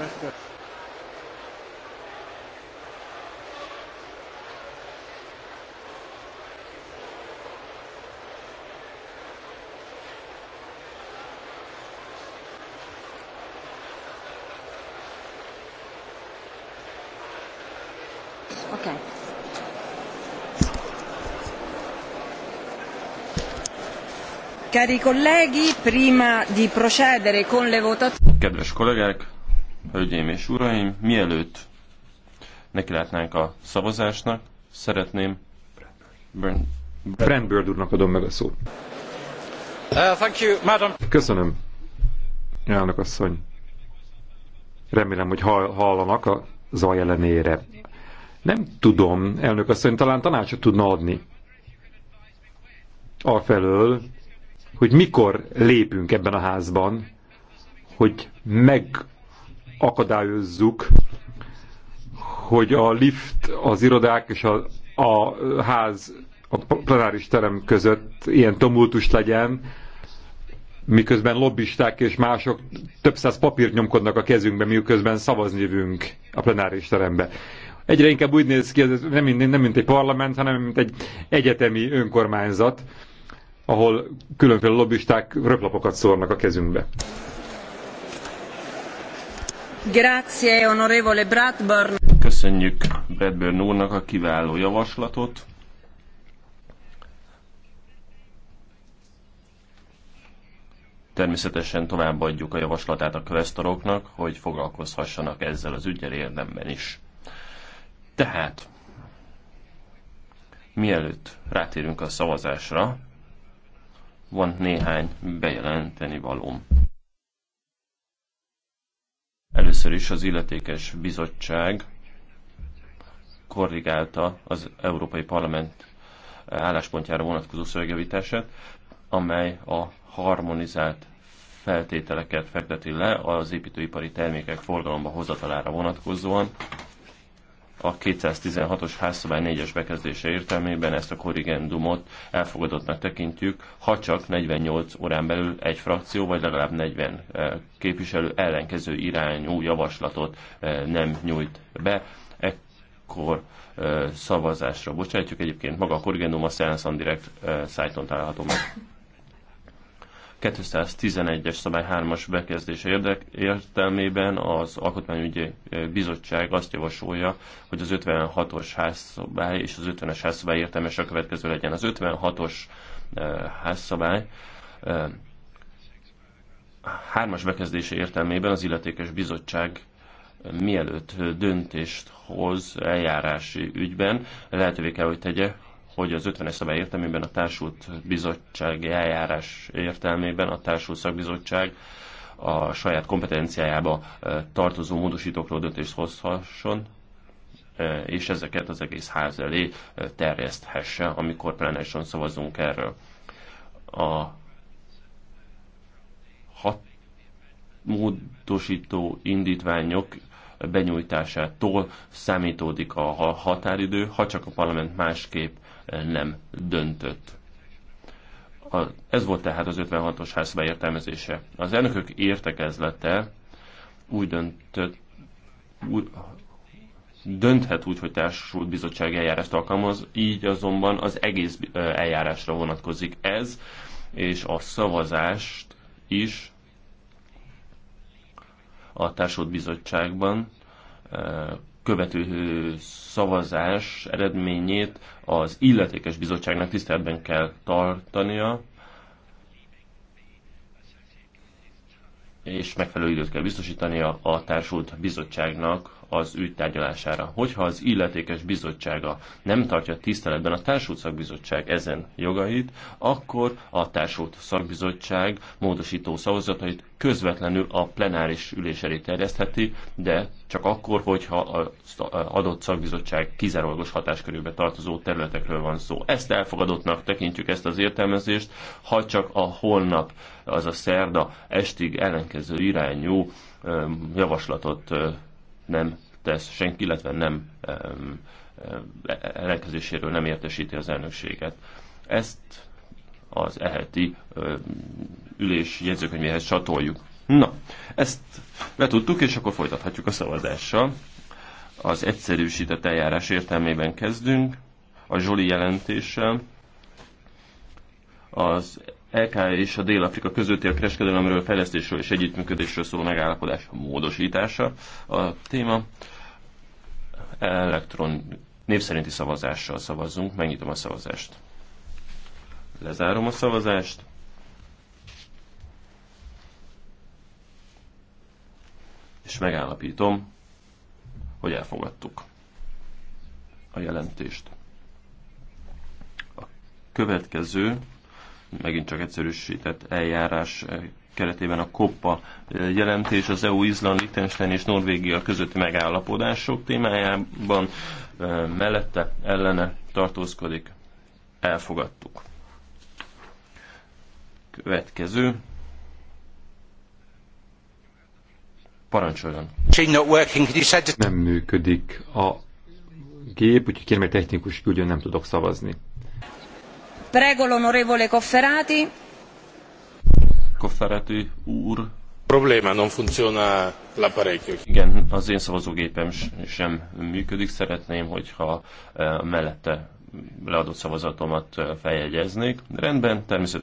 Gracias. Cari colleghi, prima di procedere con le votazioni. Kedves kollégák, Hölgyeim és uraim, mielőtt látnánk a szavazásnak, szeretném Brent Bird úrnak adom meg a szót. Uh, thank you, madam. Köszönöm, elnök asszony. Remélem, hogy hallanak a zaj ellenére. Nem tudom, elnök asszony, talán tanácsot tudna adni. Afelől, hogy mikor lépünk ebben a házban, hogy meg akadályozzuk, hogy a lift, az irodák és a, a ház, a plenáris terem között ilyen tumultus legyen, miközben lobbisták és mások több száz papírt nyomkodnak a kezünkbe, miközben szavazni jövünk a plenáris terembe. Egyre inkább úgy néz ki, ez nem, nem, nem mint egy parlament, hanem mint egy egyetemi önkormányzat, ahol különféle lobbisták röplapokat szórnak a kezünkbe. Köszönjük Bradburn úrnak a kiváló javaslatot. Természetesen továbbadjuk a javaslatát a kvesztoroknak, hogy foglalkozhassanak ezzel az ügyel érdemben is. Tehát, mielőtt rátérünk a szavazásra, van néhány bejelenteni valóm. Először is az illetékes bizottság korrigálta az Európai Parlament álláspontjára vonatkozó szövegjavítását, amely a harmonizált feltételeket fekteti le az építőipari termékek forgalomba hozatalára vonatkozóan, a 216-os házszabály 4-es bekezdése értelmében ezt a korrigendumot elfogadottnak tekintjük, ha csak 48 órán belül egy frakció, vagy legalább 40 eh, képviselő ellenkező irányú javaslatot eh, nem nyújt be, ekkor eh, szavazásra bocsátjuk. Egyébként maga a korrigendum a Science on Direct szájton található meg. 211-es szabály 3-as bekezdése értelmében az Alkotmányügyi Bizottság azt javasolja, hogy az 56-os házszabály és az 50-es házszabály értelmes a következő legyen. Az 56-os házszabály hármas bekezdése értelmében az illetékes bizottság mielőtt döntést hoz eljárási ügyben, lehetővé kell, hogy tegye, hogy az 50-es szabály értelmében a társult bizottság eljárás értelmében a társult szakbizottság a saját kompetenciájába tartozó módosítókról döntést hozhasson, és ezeket az egész ház elé terjeszthesse, amikor plenárisan szavazunk erről. A hat módosító indítványok benyújtásától számítódik a határidő, ha csak a parlament másképp nem döntött. A, ez volt tehát az 56-os ház értelmezése. Az elnökök értekezlete úgy döntött, úgy, dönthet úgy, hogy társult bizottsági eljárást alkalmaz, így azonban az egész eljárásra vonatkozik ez, és a szavazást is a társult bizottságban követő szavazás eredményét az illetékes bizottságnak tiszteletben kell tartania, és megfelelő időt kell biztosítania a társult bizottságnak, az ügy tárgyalására. Hogyha az illetékes bizottsága nem tartja tiszteletben a társult szakbizottság ezen jogait, akkor a társult szakbizottság módosító szavazatait közvetlenül a plenáris ülés elé terjesztheti, de csak akkor, hogyha az adott szakbizottság kizárólagos hatáskörébe tartozó területekről van szó. Ezt elfogadottnak tekintjük ezt az értelmezést, ha csak a holnap, az a szerda estig ellenkező irányú javaslatot nem tesz senki, illetve nem ellenkezéséről nem értesíti az elnökséget. Ezt az eheti ülés jegyzőkönyvéhez csatoljuk. Na, ezt letudtuk, és akkor folytathatjuk a szavazással. Az egyszerűsített eljárás értelmében kezdünk. A Zsoli jelentéssel az EK és a Dél-Afrika közötti a kereskedelemről, fejlesztésről és együttműködésről szóló megállapodás módosítása a téma. Elektron név szerinti szavazással szavazzunk. Megnyitom a szavazást. Lezárom a szavazást. És megállapítom, hogy elfogadtuk a jelentést. A következő megint csak egyszerűsített eljárás keretében a COPPA jelentés az EU, Izland, Liechtenstein és Norvégia közötti megállapodások témájában mellette ellene tartózkodik. Elfogadtuk. Következő. Parancsoljon. Nem működik a gép, úgyhogy kérem, technikus küldjön, nem tudok szavazni. Prego l'onorevole Cofferati. Cofferati úr. Probléma, non funziona l'apparecchio. Igen, az én szavazógépem sem működik. Szeretném, hogyha eh, mellette leadott szavazatomat eh, feljegyeznék. Rendben, természetesen.